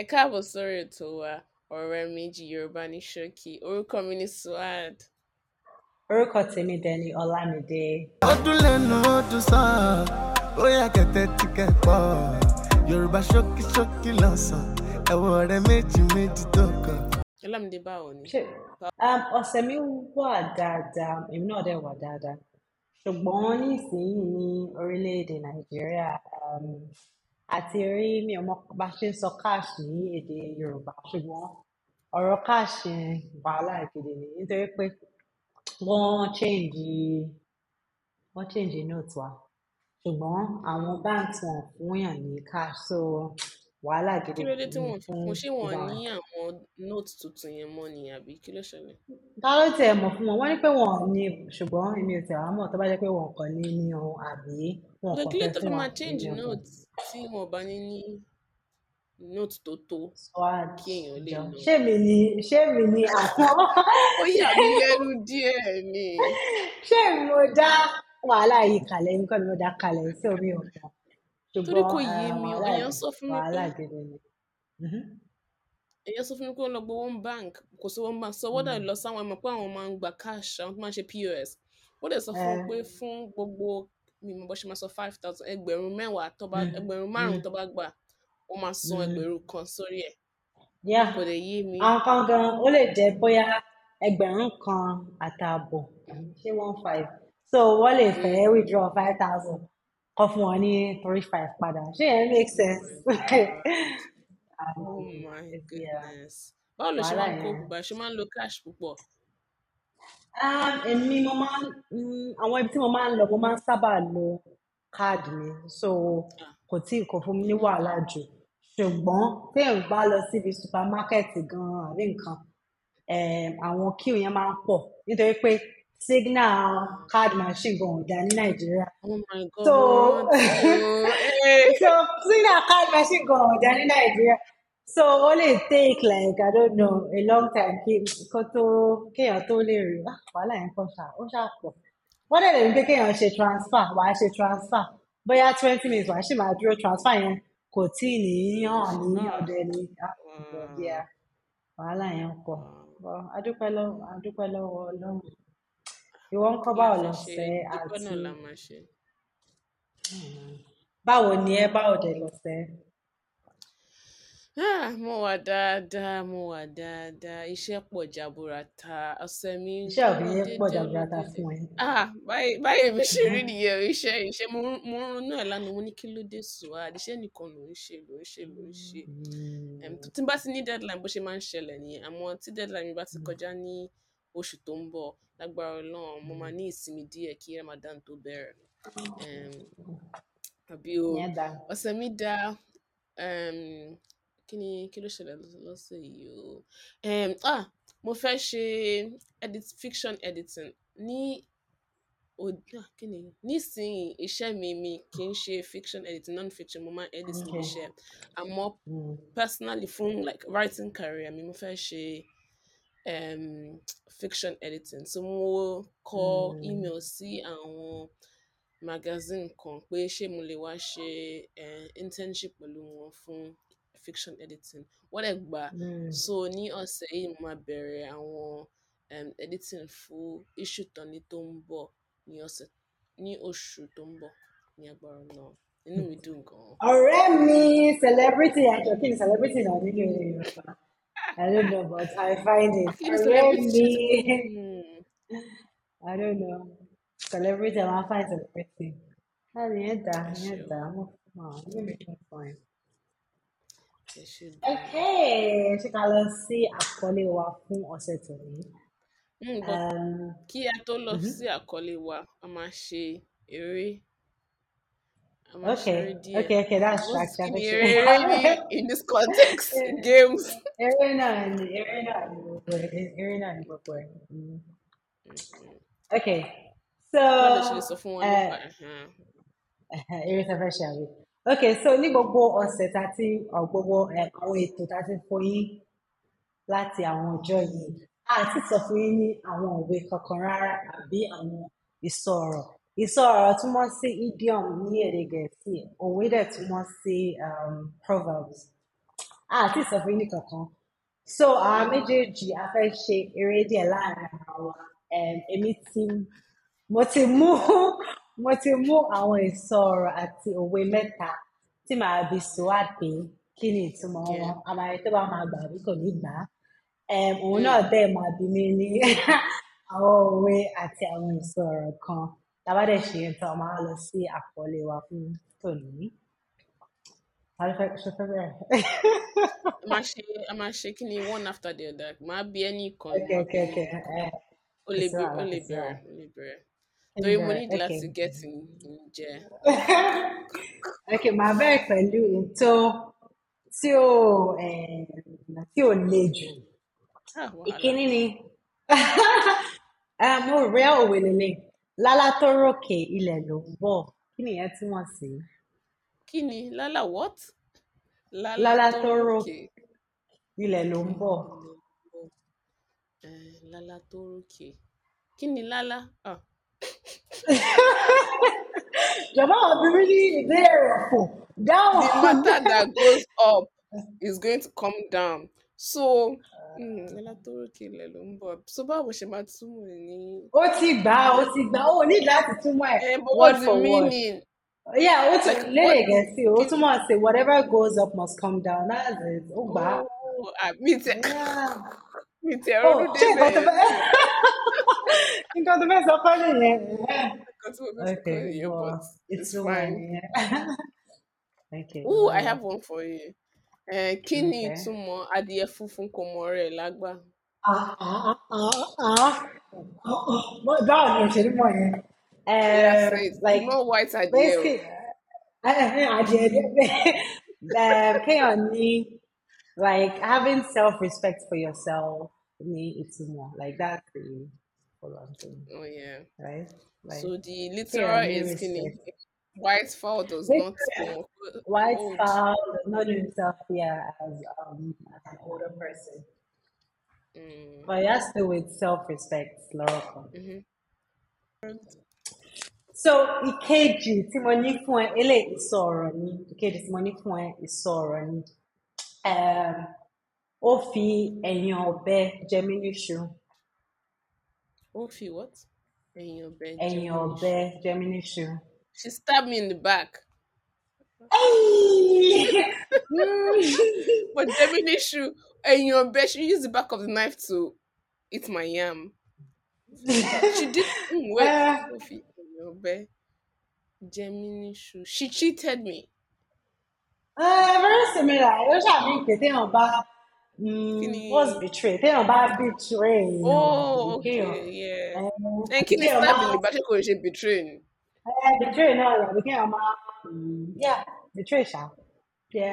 Ẹ káàbọ̀ sórí ètò wa Ọ̀rọ̀ Méjì Yorùbá ní ṣókí. Orúkọ mi ni Suad. Orúkọ tèmi dẹ̀ ni Ọlámídé. Ọdún lẹ́nu ọdún sàn, ó yà kẹ̀tẹ́ tí kẹ́pọ̀. Yorùbá ṣókí ṣókí lọ́sàn, ẹ̀wọ̀ ọ̀rẹ́ méjì méjì tó kàn. Ọlámídé báwo ni? Um, ọ̀sẹ̀ mi wà dáadáa, èmi náà dẹ̀ wà dáadáa. Ṣùgbọ́n nísìnyí ní orílẹ̀-èdè Nàìjíríà, um, àti rí mi ò mọ bá ṣe ń sọ cash ní èdè Yorùbá ṣùgbọ́n ọ̀rọ̀ cash wàhálà ìkéde ni nítorí pé wọ́n change wọ́n change note wa ṣùgbọ́n àwọn banks wọn fún yàn ní cash so wàhálà gidi kí ló dé tí wọn mo ṣé wọn ní àwọn note tuntun yẹn mọ ni àbí kí ló ṣẹlẹ̀. ta ló tiẹ̀ mọ̀ fún wọn wọ́n ní pé wọn ò ní ṣùgbọ́n èmi ò tẹ̀ wá mọ̀ tó bá jẹ́ pé wọn kàn ní ní ohun àbí wọn kàn fẹ́ tó fi máa change note tí wọn bá ní ní note tó tó kí èèyàn lè lọ. ṣé mi ni ṣé mi ni àwọn. ó yà mí lẹ́nu díẹ̀ ni. ṣé mo dá wàhálà yìí kalẹ̀ nǹkan mi mo dá kalẹ̀ sí omi ọ̀dà torí kò yé mi èèyàn sọ fún mi pé èèyàn sọ fún mi pé ó lọ gbowó ń bank kò sówó ń bank so wọ́n dà lọ sáwọn ẹ̀mọ̀ pé àwọn máa ń gba cash àwọn tó máa ń ṣe pos wọ́n dẹ̀ sọ fún mi pé fún gbogbo mi mo bọ́ ṣe máa sọ five thousand ẹgbẹ̀rún mẹ́wàá tó bá ẹgbẹ̀rún márùn-ún tó bá gbà wọ́n máa san ẹgbẹ̀rún kan sórí ẹ̀ kò lè yé mi. àwọn kan gan ó lè jẹ bóyá ẹgbẹ̀rún kan àtààbọ̀ ṣé one five so wọ́n lè fẹ́ withdraw five thousand kọ́ fún wọn ní three five padà ṣé yẹn make sense. oh um, my goodness báwo ló ṣe máa ń kó gbogbo ṣe máa ń lo cash púpọ̀. Um, èmi mo máa ń àwọn ibi tí mo máa ń lọ mo máa ń sábà lo káàdì mi so ah. kò tí ì kọ fún mi ní wàhálà jù ṣùgbọ́n téèyàn bá lọ síbi supermarket gan-an àbí nǹkan eh, àwọn queue yẹn máa ń pọ̀ nítorí pé signal card machine gan ọ̀dà ní nàìjíríà. oh my god so oh, eh. so signal card machine gan ọ̀dà ní nàìjíríà so ó lè take like i don't know a long time kí kó tó kéèyàn tó lè rí ah, wàhálà yẹn kàn ṣá ó ṣá pọ̀ wọ́n dẹ̀ lè rí pé kéèyàn ṣe transfer wàá ṣe transfer bóyá twenty minutes wàá ṣì máa dúró transfer yẹn kò tí ì níyàn ní ọ̀dọ̀ ẹni ah, wàhálà yẹn pọ̀ adúpẹ́ lọ́wọ́ adúpẹ́ lọ́wọ́ ọlọ́run ìwọ ń kọ́ báwo lọ sẹ́ àti báwo ni ẹ báwo dẹ̀ lọ sẹ́. Ah, mo wà dáadáa mo wà dáadáa iṣẹ́ pọ̀ jaburata ọ̀sẹ̀ mi. iṣẹ́ òbí yẹn pọ̀ jaburata fún ẹ. báyìí mi ṣe rí nìyẹn iṣẹ́ iṣẹ́ mo ń ronú ẹ̀ lánàá mo ní kí ló dé sùá iṣẹ́ nìkan ló ń ṣe ló ń ṣe ló ń ṣe. Hmm. tí n bá ti ní deadline bó ṣe máa ń ṣẹlẹ̀ nìyẹn àmọ́ tí deadline mi bá ti kọjá ní oṣù tó ń bọ̀ lágbára Ọlọ́run mo máa hmm. ní ìsinmi díẹ̀ kí Ramadan tó bẹ̀rẹ̀ um, àbí o ìyẹn dá ọ̀sẹ̀ mi dá um, kí ni kí ló ṣẹlẹ̀ lọ́s- lọ́sẹ̀ yìí o um, ah mo fẹ́ ṣe edit fiction editing ní òd- ah, kí ni nísìnyí iṣẹ́ mi mi kì í ṣe fiction editing non-fiction mo máa ń edit níbi okay iṣẹ́ hmm. personally fún like writing career mi mo fẹ́ ṣe um, fiction editing so mo kọ hmm. email sí àwọn magazine kan pé ṣé mo lè wá ṣe uh, internship pẹ̀lú wọn fún fiction editing wọ́n dẹ̀ gbà hmm. so ní ọ̀sẹ̀ yìí mo máa bẹ̀rẹ̀ àwọn um, editing fún issue tọ́ni tó ń bọ̀ ní ọ̀sẹ̀ ní oṣù tó ń bọ̀ ní agbára náà inú mi dùn gan-an. ọ̀rẹ́ mi celebrity àjọkí ni celebrity náà nílé yorùbá I don't know, but I find it. Film I don't know. Celebrity, i find celebrity. I need that. I need that. I'm making fun. Okay, ṣé ká lọ sí àkọlé wa fún ọ̀sẹ̀ tòní. Hmm, um, kí a colleague mhm. wa a máa I'm okay. Okay, okay, that's fact. in this context, games. Mm-hmm. okay, so. Uh, uh-huh. okay, so ní gbogbo ọ̀sẹ̀ tá ti gbogbo eh, àwọn ètò tá ti fún yín láti àwọn ọjọ́ yìí a ti sọ fún yín ní àwọn òwe kankan rárá àbí àwọn ìsọ̀rọ̀ ìsọ ọ̀rọ̀ túmọ̀ sí idiom ní èdè gẹ̀ẹ́sì òwe dẹ̀ túmọ̀ sí um, proverbs àti ìsọfún ní kankan so àwọn méjèèjì a fẹ́ ṣe eré díẹ̀ láàrin àwọn um, èmi tí mo ti mú mo ti mú àwọn ìsọ ọ̀rọ̀ àti òwe mẹ́ta tí màá bi sùwádìí kí ni ìtumọ̀ wọn àmàlẹ́ tó bá máa gbà bí kò ní gbà á um, òun mm. náà bẹ́ẹ̀ máa bí mi ní àwọn òwe àti àwọn ìsọ kan tábàdẹ̀ ṣe yẹn tán a máa lọ sí àkọọ́lẹ̀ wa fún tòní. a máa ṣe kí ni one after the other máa bí ẹnì kan ó lè bẹ̀rẹ̀ ó lè bẹ̀rẹ̀ torí mo ní láti get ǹjẹ́. ok màá bẹ̀rẹ̀ pẹ̀lú ètò tí ò tí ò le jù ah, ìkíní ni mo rẹ́ òwe lélẹ̀. lálá tó ròkè ilẹ̀ ló ń bọ̀ kí nìyẹn túmọ̀ sí. kí ni lálá what. lálá tó ròkè ilẹ̀ ló ń bọ̀. lálá tó ròkè kí ni lálá. jọba obìnrin ní ìbéèrè ọ̀pọ̀ dáhùn. the matter that goes up is going to come down. So, mm, Elatoroke lẹ ló ń bọ̀. So báwo ṣe máa túmọ̀ ẹ̀ ní? Ó ti gbà ó ti gbà ó ní láti túmọ̀ ẹ̀ word for word. Yeah, ó ti lédè Gẹ̀ẹ́sì ó túmọ̀ sí whatever goes up must come down. That's it. Ó gbà. Oh, mi tẹ mi tẹ ọdún dé bẹ́ẹ̀. Nǹkan tó sọ it's fine. okay. Ooh, I have one for you. Eh, kí ni ìtumọ̀ adìẹ funfun kò mọ rẹ̀ lágbà? Báwo ni òṣèlú mọ̀ yẹn? Like no white adìẹ o. adìẹ bẹ́ẹ̀ kéèyàn ní like having self-respect for yourself ní ìtumọ̀ like that's the follow thing, Oh yeah. right? Like So the literal is kí White Fowl does not smoke. White old. does not himself here as, um, as an older person. Mm. But has to with self respect, Laura. Mm-hmm. So ìkejì tí mo ní fún ẹ eléyìí ìsọ ọ̀rọ̀ ni ìkejì tí mo ní fún ẹ ìsọ ọ̀rọ̀ ni ó fi ẹ̀yìn what? In your jẹ Gemini níṣu. She stabbed me in the back. Oh! but Gemini shoe and your bed, she used the back of the knife to eat my yam. she did well. uh, your She cheated me. Uh, very similar. I wish I make the about Mm, was betrayed? They don't buy betray. Oh, okay, yeah. Um, and Kenny stabbed me, but she could betray. betray eh, náà rẹ̀ bí kéèyàn máa betray ṣá fi ẹ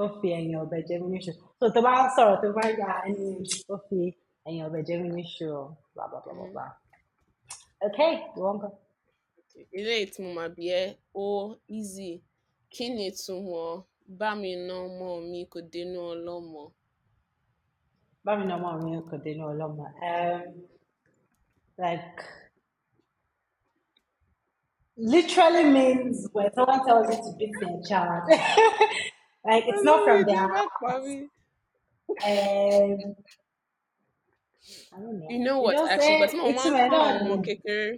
ó fi ẹ̀yìn ọ̀bẹ jẹ mí níṣu tó tó bá okay wọ́n kọ́. ilé ìtumọ̀ màbí ẹ ó easy kí ni ìtumọ̀ bá mi ná ọmọ mi kò dénú ọlọ́mọ. bá mi ná ọmọ mi kò dénú ọlọ́mọ um, like. literally means when someone tells you to beat their child. like it's not from their heart. Um, I don't know. You know what, actually, ìgbà tí say mo máa ń ìtumọ̀ ẹ̀ kọ́ náà àwọn ni. ọmọ kékeré,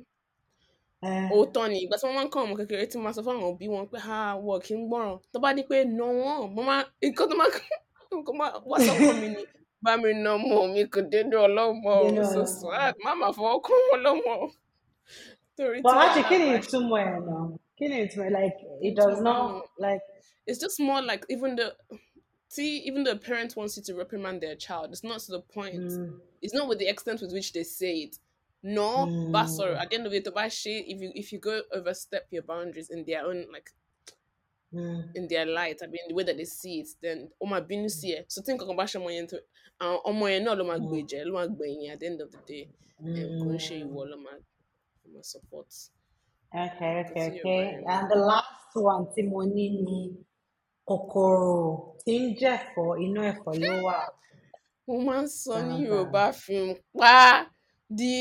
Uh, òótọ́ ni, ìgbà tí mo máa ń kọ́ àwọn ọmọ kékeré tí mo máa sọ fún àwọn òbí wọn pé ha ah, wọ̀ kí n gbọ́ràn. Tó ni igba wọ́n, mo maa n ko omo nǹkan tó máa nǹkan máa wá nnkan maa wa mi ni bá mi nà ọmọ mi kò dénú ọlọ́mọ you so sad, fọwọ́ kọ́ wọn lọ́mọ to But actually, it somewhere now. Killing it like it does not like. It's just more like even the see even the parent wants you to reprimand their child it's not to the point mm. it's not with the extent with which they say it no mm. but hmm. sorry at the end of the day if you if you go overstep your boundaries in their own like mm. in their light i mean the way that they see it then oh my goodness, so think of compassion more into uh oh my no at the end of the day eh, my support. Okay, okay, okay. And the last one tí mo ní ni kòkòrò tí ń jẹ̀fọ́ inú ẹ̀fọ́ ló Mo máa ń sọ ní Yorùbá fi ń pa di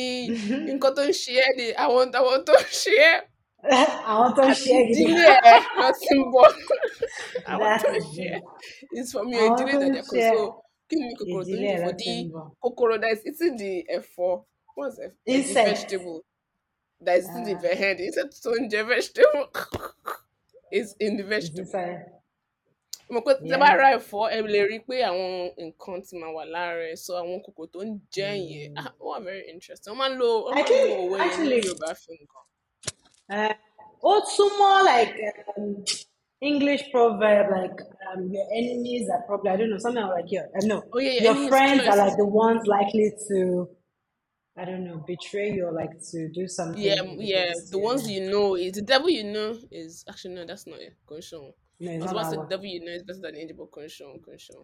nǹkan tó ń ṣe ẹ́ di àwọn àwọn tó ń ṣe ẹ́. Àwọn tó ń ṣe ẹ́ gidi. Ìdílé ẹ̀ lọ sí ń bọ̀. Àwọn tó ń ṣe ẹ́. Ìsọmi ìdílé ìdájọ́ kò so kí ni kòkòrò tó ń jẹ̀fọ́ kòkòrò that is eating the ẹ̀fọ́. What's ẹ̀fọ́? Insect. The vegetable. that is in the vegetables. He said, so in the vegetable. it's in the vegetable. mo pé tẹ bá ra ẹ̀fọ́ ẹ lè rí i pé àwọn nǹkan ti máa wà lára ẹ̀ so àwọn kòkò tó ń jẹ yẹn mm. ah, ó wà very interesting wọ́n máa ń lo wọ́n máa ń lo owó yẹn ní Yorùbá fi nǹkan. Uh, ó túmọ̀ like um, English proverb like um, your enemies are probably I don't know something like your uh, no oh, yeah, your, your friends are like the ones likely to. I don't know, betray you or like to do something. Yeah, yeah. The yeah. ones you know is the devil you know is actually no, that's not it. Conshon. No, it's not the devil you know is better than angel, but Conshon, Conshon.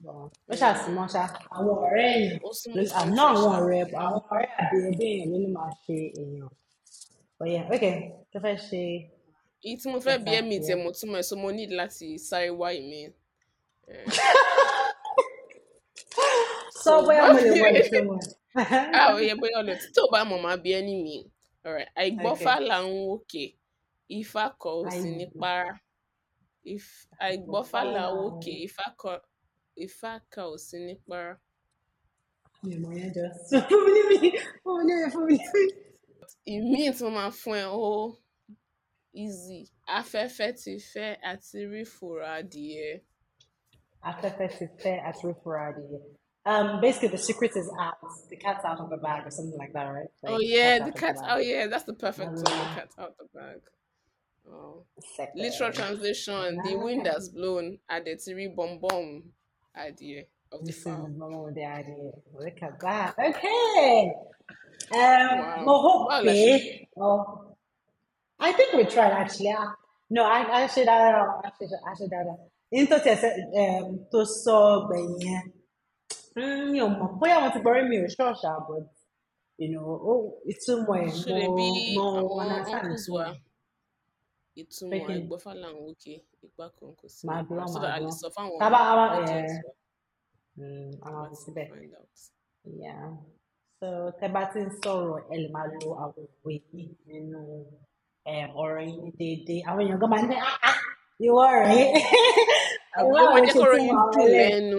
ó ṣàtìmọ́ ṣá àwọn ọ̀rẹ́ èèyàn àná àwọn ọ̀rẹ́ àwọn ọ̀rẹ́ àbí ẹbí èèyàn ló máa ṣe èèyàn ọ̀yẹ́ ok tó fẹ́ ṣe. èyí tí mo fẹ́ bí ẹ̀mí tẹ̀ mo túmọ̀ ẹ̀ so money. ní láti sáré wá ìmí. Eh. sọ bóyá mo lè wọ ìfẹ́ ah oyè bóyá ọlọ tí tó bá mọ máa bí ẹni mi ọ̀rẹ́ àìgbọ́fá là ń wòkè ifá kọ ó sì ní para àìgbọ́fá là ń wòkè ifá kọ ifá kọ ó sì ní para. mi ò mọ yẹn jọ fún mi níbi fún mi níbi fún mi níbi. ìmí tí mo máa fún ẹ ó easy afẹ́fẹ́ ti fẹ́ àti rí fùrọ̀ adìyẹ. afẹ́fẹ́ ti fẹ́ àti rí fùrọ̀ adìyẹ. Um, basically, the secret is out. The cat's out of the bag, or something like that, right? Like, oh yeah, the cat. Oh yeah, that's the perfect cat out The um, cat's out the bag. Oh. Literal translation: The ah. wind has blown at the three bomb bomb idea of the farm. The idea. Look at that. Okay. Um, wow. Wow, oh, I think we tried actually. Ah, no, I, I should. I do I should. I should. I do Mm, mi ò mọ̀ bóyá wọ́n ti gbọ́rí mi ò ṣọ́ọ̀ṣà but you know ó ìtumọ̀ ẹ̀ mo mo wọn understand ìtumọ̀ ìtumọ̀ ìgbọ́fà làwọn òkè ìgbà kan kò sí màá gbọ́ màá gbọ́ tábà àwọn ẹ̀ àwọn àti síbẹ̀ yeah so tẹ bá ti ń sọ̀rọ̀ ẹ lè máa lo àwọn òwe yìí nínú eh, ọ̀rọ̀ yìí ní déédéé àwọn èèyàn gan máa ń ní ah, ah, ìwọ rẹ̀ ìwọ rẹ̀ ṣe fún wa lẹ́nu.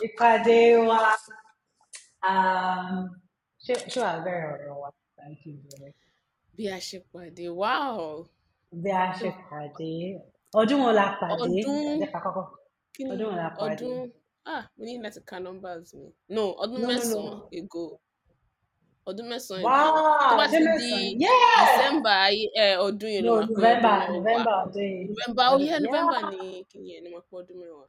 if I do, uh, um, she, she was very overwhelmed. Thank you, really. Bí a wow. Bí a ṣe pàdé. Ọdún wo la pàdé? Ọdún. Ọdún la Ah, we need láti ka numbers Me. No, ọdún no. ago. Ọdún mẹ́sàn-án ago. Wow, ọdún Yeah! December ọdún yẹn ló máa pẹ́. November, November November. November, oh yeah, November ni kìnìyẹn ni máa pẹ́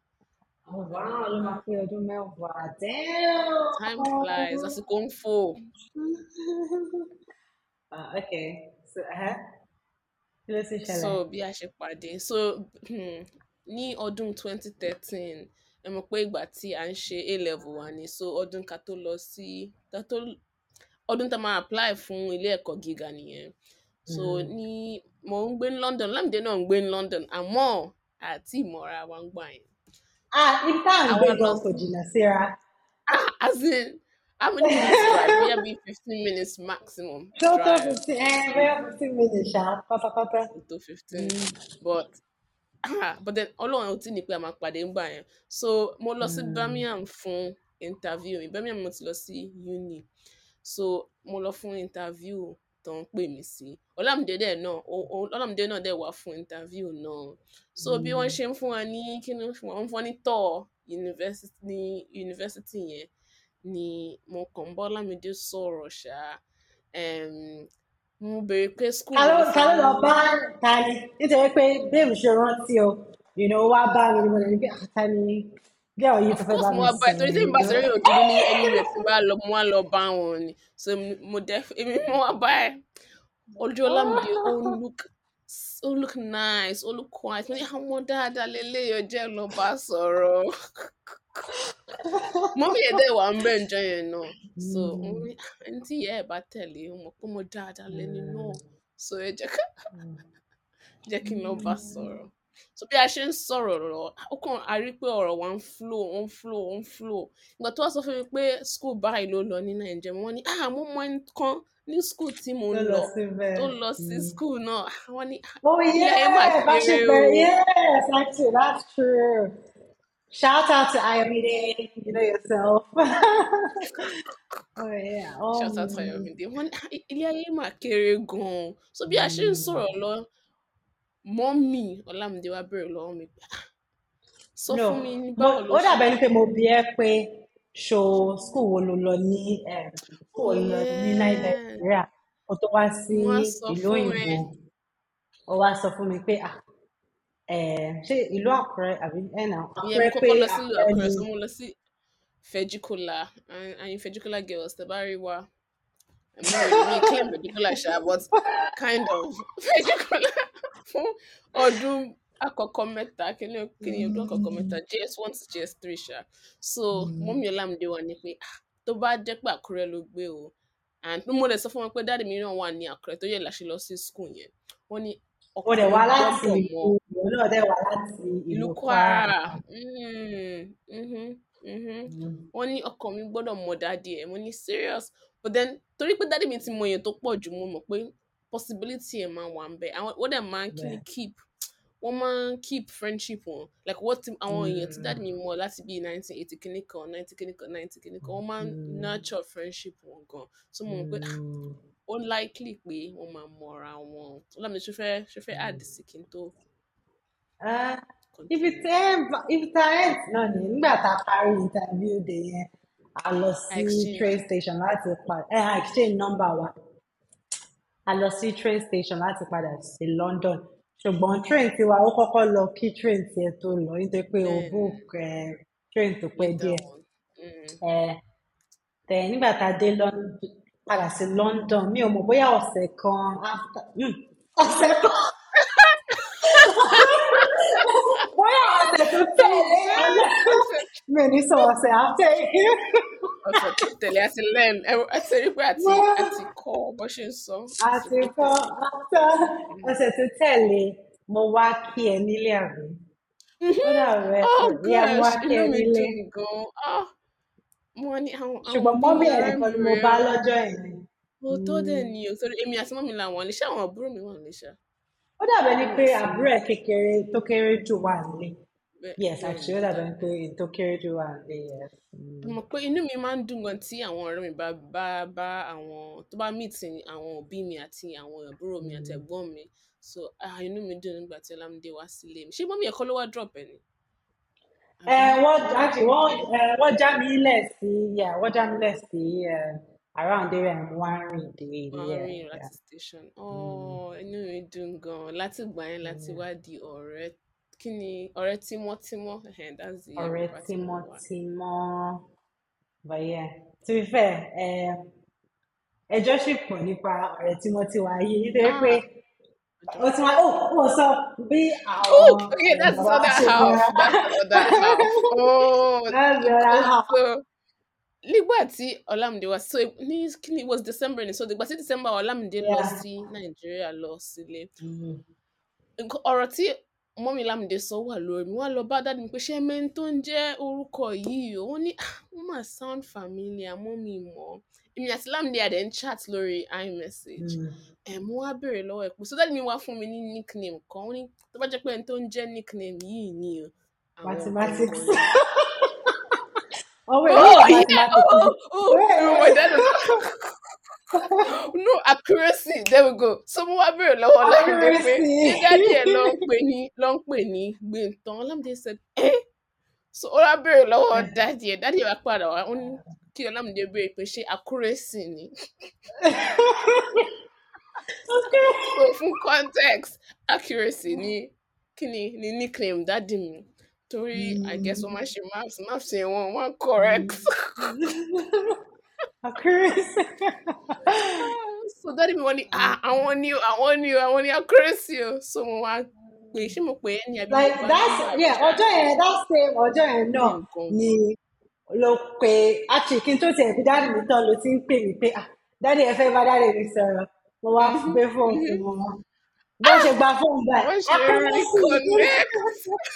Oh, wow, ló máa pé ọdún mẹ́wàá. Damn! Time flies, àsìkò ń fò. Okay, so kí ló ti ṣẹlẹ̀? So bí a ṣe pàdé, so hmm, ni ọdún 2013, ẹ mọ̀ pé ìgbà tí a ń ṣe A-level wa ni, so ọdún ká tó lọ sí, ká tó máa apply fún ilé ẹ̀kọ́ gíga nìyẹn. So mm. ní mo ń gbé London, Lámìdé náà ń gbé London, àmọ́ àti ìmọ̀ra wa ń gbà yẹn ah ibi tá à ń gbé gan kò jìnnà síra. as in how many minutes We have been fifteen minutes maximum. tó tó fifteen We eh, have fifteen minutes ṣá pátápátá. tó fifteen but ah, but then all ò tí ní pé a máa pàdé ńgbà yẹn so mo lọ sí hmm. Birmingham fún interview mi Birmingham mo ti lọ sí uni so mo lọ fún interview tó ń pè mí sí ọlámìdé dẹ̀ náà ọlámìdé náà dẹ̀ wá fún interview náà so bí wọ́n mm. ṣe ń fún wa ní kí ni wọ́n ń fún wa ní tọ́ ní yunifásitì yẹn ni mo kàn bọ́ ọlámìdé sọ̀rọ̀ ṣá mo béèrè pé school. ta ló ta ló lọ bá ta ni nítorí pé bẹ́ẹ̀ mi ṣe rántí o you know wá bá mi ah, ni mo lè ní bí àtàní girl yìí tó fẹ́ bá mi sìn. of course mo wá bá ẹ torí sẹ́yìn Barcelona ò kiri ní anywhere tí bá lọ mo wá lọ so mo dẹ èmi mo wá bá ẹ Ọjọ́lámídé oh, look ó look nice ó look quiet mo ní àwọn dáadáa lélẹ́yọ̀ jẹ́ lọ bá sọ̀rọ̀ hmm. mo fi èdè wà ń bẹ̀ ǹjọ́ you know. so ẹni tí ìyá ẹ̀ bá tẹ̀lé mo pé mo dáadáa lẹ́ni náà hmm. so ẹ hmm. jẹ́ kí n lọ bá sọ̀rọ̀ so bí a ṣe ń sọ̀rọ̀ lọ ó kàn a rí pé ọ̀rọ̀ wa ń flow ó ń flow ó ń flow ìgbà tó wá sọ fún mi pé school báyìí ló lọ ní nàìjíríà wọ́n ní ah mo mọ ẹni ní school tí mo ń lọ tó lọ sí mm. school náà wọ́n ní ilé ayé mà kéré o. yes actually that's true shout out to Ayomide you know yourself oh yeah shout out to um. Ayomide wọ́n ní ah, ilé ayé mà kéré gan-an so bí a ṣe ń mm. sọ̀rọ̀ lọ mọ́mì ọlámídé wá bèrè lọ́wọ́ mi pé ah, sọ fún mi ní báwo ló ṣe. ó dàbẹ̀ ni pé mo bí ẹ pé ṣo school wo ló lọ ní eh, school wo lọ ní nàìjíríà kó tó wá sí ìlú òyìnbó ó wá sọ fún mi pé ah eh, ṣé ìlú àkúrẹ́ àbí ẹnà eh, àkúrẹ́ pé àkúrẹ́ ni. fẹjikola ayin fẹjikola girls tẹ bá rí wa No, mi claim pẹ̀díkúlà ṣá but kind of Or pẹ̀díkúlà fún ọdún àkọ́kọ́ mẹ́ta kíni kíni ọdún àkọ́kọ́ mẹ́ta js one to js three ṣá so mọ́mí ọlámìdé wà ní pé ah, tó bá jẹ́ pé àkúrẹ́ ló gbé o and no, lè sọ fún wọn pé dáàdì mi náà wà ní àkúrẹ́ tó yẹ láṣẹ lọ sí school yẹn wọ́n ní ọkọ̀ tó gbọ́dọ̀ mọ́ ìlú kwara. Mm-hmm. Mm-hmm. Mhm. Wọ́n ní ọkọ mi gbọ́dọ̀ mọ daddy ẹ̀, mo ní serious. But then torí pé daddy mi ti mọ èèyàn tó pọ̀ jù, mo mọ̀ pé possibility ẹ̀ máa wà ń bẹ̀. Àwọn wọ́n dẹ̀ máa ń kí ni keep wọ́n máa ń keep friendship wọn. Like wọ́n ti àwọn èèyàn tí that mi mm. mọ̀ láti bíi nineteen eighty kìíní kan, nineteen kìíní kan, nineteen kìíní kan, wọ́n máa ń mm. nurture friendship wọn gan. So mo mọ̀ pé unlikely ah, mm. ó likely pé wọ́n máa mọra wọn. Ọlámi ṣe fẹ́ ṣe fẹ́ add sí kí n tó. Ah, ibi tẹ ibi tá ẹ náà ni nígbà tá a parí interview dé yẹn a lọ sí train station láti padà ẹ eh, exchange number wa a lọ sí train station láti padà sí London ṣùgbọ́n train tiwa ó kọ́kọ́ lọ kí train tiẹ̀ tó lọ nítorí pé o hmm. book eh, train tó pẹ́ díẹ̀ hmm. eh, tẹ nígbà tá a dé padà sí London mi ò mọ̀ bóyá ọ̀sẹ̀ kan hmm, ọ̀sẹ̀ kan. mi ní sọ̀rọ̀ ṣe àtẹ. ọ̀sẹ̀ tẹ̀lé àti lẹ́n ẹsẹ̀ rí pé àti àti kọ́ bó ṣe ń sọ. àti kọ́ àtọ́ ọ̀sẹ̀ tó tẹ̀lé mo wá Oh, ẹ nílé àbí. Mm-hmm. ó dàbẹ̀ ẹ̀ ẹ̀ wá kí ẹ nílé. Ah, ṣùgbọ́n mọ́mí ẹ̀ nìkan ni mo bá lọ́jọ́ yẹn. mo tó dẹ̀ hmm. ni o torí èmi àti mọ́mí làwọn iléeṣẹ́ àwọn àbúrò mi wà níṣẹ́ ó dàbẹ̀ ni pé àbúrò ẹ̀ kékeré tó kéré jù wà nílé yes actually ó dàbẹ̀ ni pé tó kéré jù wà nílé yes. mo pé inú mi máa ń dùn gan tí àwọn ọ̀rẹ́ mi bá bá bá àwọn tó bá meet àwọn òbí mi àti àwọn àbúrò mi àti mm-hmm. ẹ̀gbọ́n mi so ah, inú mi dùn nígbà tí Ọlámídé wá sílé mi ṣé mọ́mí ẹ̀kọ́ ló wá drop ẹ̀ ni eh, eh, wọ́n já mi lẹ̀ sí wọ́n já mi lẹ̀ sí eh, around there, mo wá ń rìn dé ilé ẹ. láti station mm. oh inú mi dùn gan-an láti gbà yẹn láti mm. wá di ọ̀rẹ́ kí ni ọ̀rẹ́ tímọ́tímọ́ ọ̀rẹ́ tímọ́tímọ́ but yeah to be fair ẹjọ́ ṣì pọ̀ nípa ọ̀rẹ́ tímọ́tímọ́ ayé nítorí pé o ah, ti wọn o sọ bí àwọn ọmọ wa ṣe okay, that's that's Oh, that's other half nígbà tí Ọlámídé wá so ní kíni was December ni so ìgbà tí December Ọlámídé lọ sí Nàìjíríà lọ sílé mm-hmm. ọ̀rọ̀ tí mọ́mí Lámídé sọ wà lórí mi wá lọ bá dáàdì mi pé ṣé ẹmẹ́ni tó ń jẹ́ orúkọ yìí òun ní wọ́n ah, máa sound familiar mọ́ mi mọ́ èmi àti Lámídé àdé ń chat lórí iMessage mm. ẹ̀ mo wá béèrè lọ́wọ́ ẹ̀ pé so dáàdì mi wá fún mi ní nickname kan ó ní tó bá jẹ́ pé ẹni tó ń jẹ́ nickname yìí ni o. mathematics. Oh, wait. Oh, yeah. oh, oh, oh. my dad oh, no accuracy there we go so mo wá béèrè lọ́wọ́ Lámídé pé ṣé dáàdi ẹ̀ ló ń pè ní ló ń pè ní Gbéntàn said eh so ó wá béèrè lọ́wọ́ dáàdi ẹ̀ dáàdi ẹ̀ wá padà wá ó ní kí Lámídé béèrè accuracy ni so fún context accuracy ni kí ni ni nickname dáàdi mi torí i guess wọ́n máa ṣe maps maps yẹn wọ́n wọ́n correct. Mm. accuracy. so dadi mi wọ́n ní ah, àwọn ní àwọn ní àwọn ní accuracy o so mo wá pè ṣé mo pè é ní abẹ́ like that's yeah ọjọ́ yẹn that same ọjọ́ yẹn náà ni ló pe actually kí n tó tiẹ̀ fi dáàdì mi tán ló ti ń pè mí pé ah dáàdì ẹ fẹ́ bá dáàdì mi sọ̀rọ̀ mo wá mm-hmm. gbé fóònù mm-hmm. fún wọn bó ṣe gba fóònù báyìí accuracy.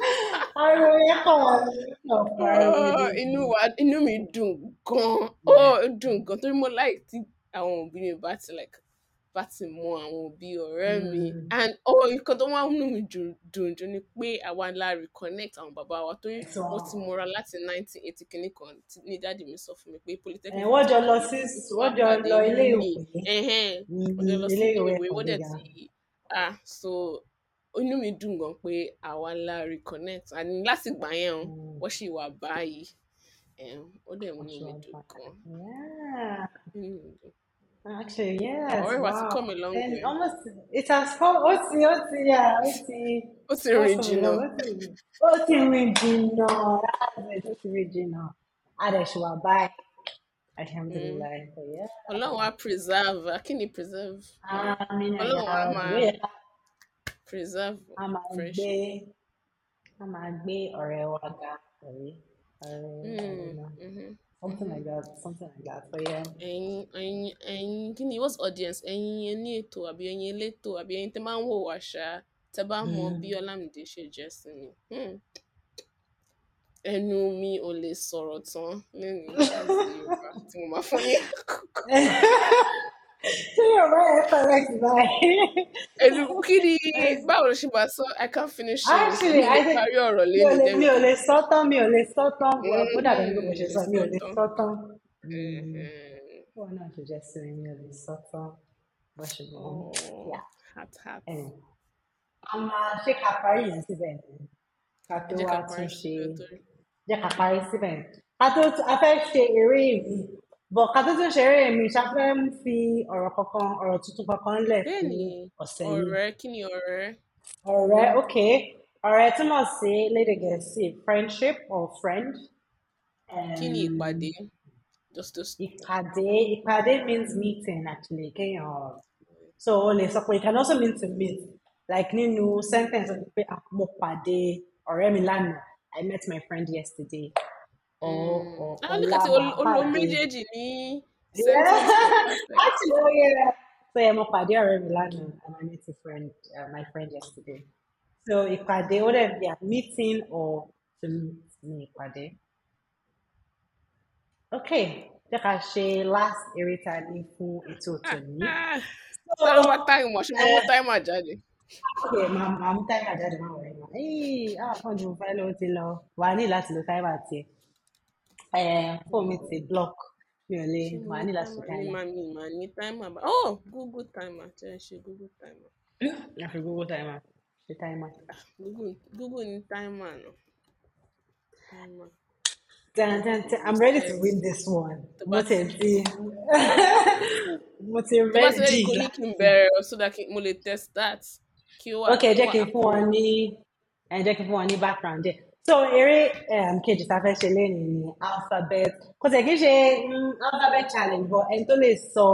I know wá lórí inú wa inú mi dùn gan mm. oh, ó dùn gan torí mo láì tí àwọn òbí mi bá ti like bá ti mọ àwọn òbí ọ̀rẹ́ mm. mi and ó oh, nǹkan tó máa ń mú mi dùn jù ni pé àwa la reconnect àwọn bàbá wa torí wọ́n ti mọra láti nineteen eighty kìíní kan ní dáàdi in sọ fún mi pé polytechnic. wọ́n jọ lọ sí wọ́n jọ lọ ilé ìwé wọ́n jọ lọ sí ilé ìwé wọ́n dẹ̀ ti ah so inú mi dùn gan pé àwa la reconnect and láti gbà yẹn o hmm. wọ́n sì wà báyìí ó dẹ̀ mú mi dùn gan. Hmm. Actually, yes. Ọ̀rẹ́ wa ti kọ́ mi lọ́ngọ̀. And almost it has come ó ti ó ti yà ó ti. Ó ti rìn jìnnà. Original. ti rìn jìnnà. Ó ti rìn jìnnà. Adẹ̀ṣùwà báyìí. Alhamdulilayi. Hmm. Ọlọ́run á preserve. Kí ni preserve? Ọlọ́run á máa. preserve a máa gbé a máa gbé ọ̀rẹ́ wa ga ọ̀rẹ́ ọ̀rẹ́ mm-hmm, mm-hmm. something like that something like that For yeah. ẹ̀yin ẹ̀yin ẹ̀yin kí ni what's audience ẹ̀yin ẹni ètò àbí ẹ̀yin elétò àbí ẹ̀yin tẹ́ máa ń wò wá ṣá tẹ́ bá mọ hmm. bí Ọlámídé ṣe jẹ́ sí ni hmm. ẹnu mi ò lè sọ̀rọ̀ tán lẹ́nu ìgbà tí mo máa fún ọ̀rọ̀ ẹ̀ correct báyìí. èlùbọ́ kí ni báwo ló ṣe i can't finish it actually i dey parí ọ̀rọ̀ lẹ́nu dẹ́nu. mi ò lè sọ tán mi ò lè sọ tán bó mm-hmm. dàbí bí mo ṣe sọ mi ò lè sọ tán. Mm-hmm. wọn náà ṣe jẹ sí mi ò lè sọ tán bó ṣe mọ oh, yà. a máa ṣe ká parí yẹn síbẹ̀ ká tó wá tún ṣe jẹ́ ká parí síbẹ̀ ká tó a fẹ́ ṣe eré ìwé. bọ̀ ká tó tó mi ṣáfẹ́ fi ọ̀rọ̀ kankan ọ̀rọ̀ tuntun kankan lẹ̀ fún ọ̀sẹ̀ yìí. ọ̀rẹ́ kí ni ọ̀rẹ́. ọ̀rẹ́ ok ọ̀rẹ́ túmọ̀ sí lédè friendship or friend. just means meeting actually kéèyàn so lè sọ it can also mean to meet like nínú sentence ọ̀sẹ̀ pé ah, mo pàdé I met my friend yesterday. Oh. ọ̀làbà olóméjèèjì ní láti lọ yẹ so ẹ mo pàdé ọ̀rẹ́ mi lánàá and I met a friend uh, my friend yesterday so ìpàdé ó dẹ̀ bí a meeting or to meet ní ìpàdé okay jẹ́ ká ṣe last eré ta ní fún ètò tòní. sọ́dọ̀ wá táìmù ṣùgbọ́n wọ́n táìmù àjáde. Okay, màá mú táìmù àjáde máa wọ̀ ẹ́ mọ́. Ẹ́yìn àwọn kan ju fáìlì ó ti lọ wà ní láti lo táìmù àti ẹ̀. Eh, block timer oh google timer google timer. google timer The timer. Ah, google google timer timer. I'm ready to win this one. Mo ti di. Mo so that test that. Okay, eh, jẹ́ kí n fún wọn ní jẹ́ background so eré kejì tá a fẹ́ ṣe lẹ́yìn ni alphabet kò tẹ̀ kí ṣe mm, alphabet challenge but ẹni tó lè sọ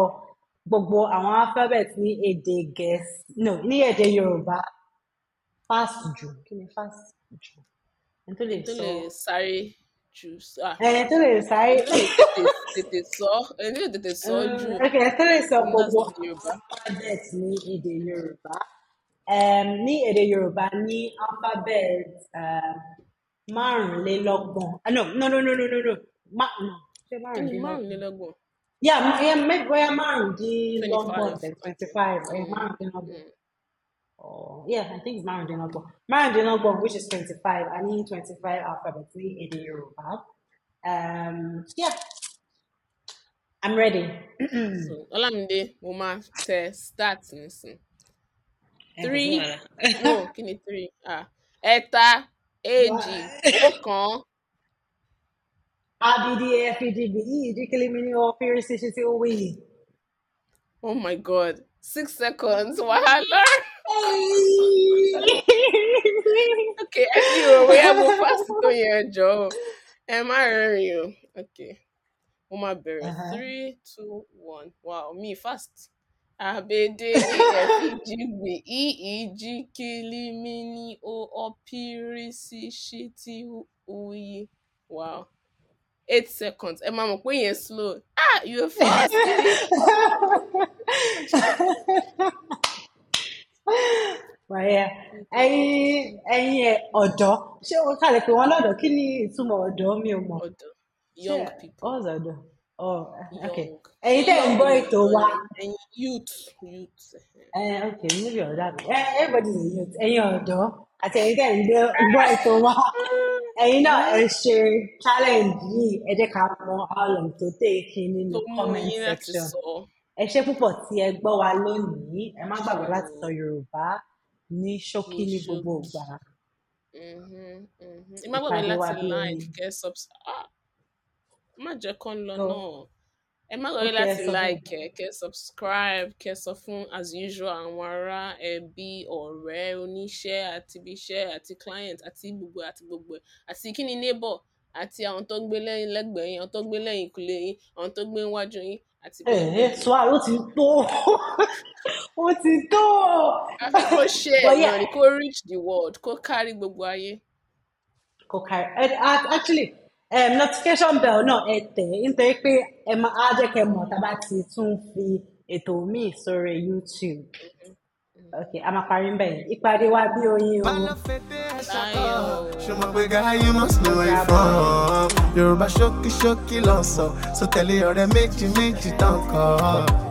gbogbo àwọn alphabet ní èdè gẹ̀ẹ́sì no ní èdè yorùbá fast jù kí ni fast jù ẹni tó lè sọ eh, ẹni tó lè sáré jù ẹni tó lè sáré tètè sọ ẹni tó lè tètè sọ mm, jù ẹni tó lè sọ gbogbo alphabet ní èdè yorùbá ní èdè yorùbá ní alphabet. Eh, márùnlélọ́gbọ̀n. Ah, No, no, no, no, no, no, no. Má, no. Ṣé kíni márùnlélọ́gbọ̀n? márùnlélọ́gbọ̀n Yeah, m- yeah, maybe bóyá márùndínlọ́gbọ̀n twenty-five than twenty-five. Eh, mm, márùndínlọ́gbọ̀n. Mm. Oh, yeah, I think it's márùndínlọ́gbọ̀n. Márùndínlọ́gbọ̀n, which is twenty-five. I need twenty-five alphabetically in Yorùbá. Um, yeah, I'm ready. so Ọlámídé mo máa tẹ start nísìn eh, three wàhálà. no kíni three ah ẹ̀ta Eji, Okan. RBDFEGBE, Jikili of Fury Station to win. Oh my god. Six seconds. Wahala. okay, anyway, we have a fast on your jaw. Am I hearing you? Okay. Uma Berry. Uh-huh. two, one. Wow, me fast. abedeleefijigbe iijikilimini e oopirisishitiuyi wow eight seconds ẹ máa mọ̀ pé yẹn slow ah you fast Màríà, ẹ̀yin ẹ̀yin ọ̀dọ́, ṣé o kàlẹ̀ pé wọ́n lọ́dọ̀ kí ni ìtumọ̀ ọ̀dọ́ mi ò mọ̀? ọ̀dọ́ young people. Ọ̀dọ́ oh okay ẹ̀yin tẹ́ ń gbọ́ ètò wa. ẹ̀yin youth youth. ẹ okay níbi ọ̀dà mi everybody is youth ẹ̀yin ọ̀dọ́ àti ẹ̀yin tẹ́ ń gbọ́ ètò wa ẹ̀yin náà ẹ ṣe challenge yìí ẹ jẹ́ ká mọ how long to take nínú comment section ẹ ṣe púpọ̀ tí ẹ gbọ́ wa lónìí ẹ má gbàgbọ́ láti sọ Yorùbá ní ṣókí ní gbogbo ìgbà. Mm-hmm, mm-hmm. ẹ má gbàgbọ́ láti like ẹ subscribe. Ah, má jẹ́ kán lọ náà ẹ má lọ rí láti like ẹ subscribe kẹ́ sọ fún as usual àwọn ará ẹbí ọ̀rẹ́ oníṣẹ́ àti ibiṣẹ́ àti client àti gbogbo àti gbogbo àti kí ni neighbor àti àwọn tó gbé lẹ́yìn lẹ́gbẹ̀ẹ́ yín àwọn tó gbé lẹ́yìn ìkùlé yín àwọn tó gbé níwájú yín àti bẹ́ẹ̀ ẹ sọ àrò ti tó ó ti tó. kó ṣe ẹ̀yàn kó reach the world kó kárí gbogbo ayé. kó kárí eh, actually um, notification bell náà ẹ tẹ̀ nítorí pé ẹ máa á jẹ́ kẹ́ mọ̀ ti tún fi ètò míì sórí YouTube ok a máa parí mbẹ ìpàdé wa bí oyin o. ṣùgbọ́n pé guy lọ sọ sọ tẹ̀lé méjì méjì tán kọ́.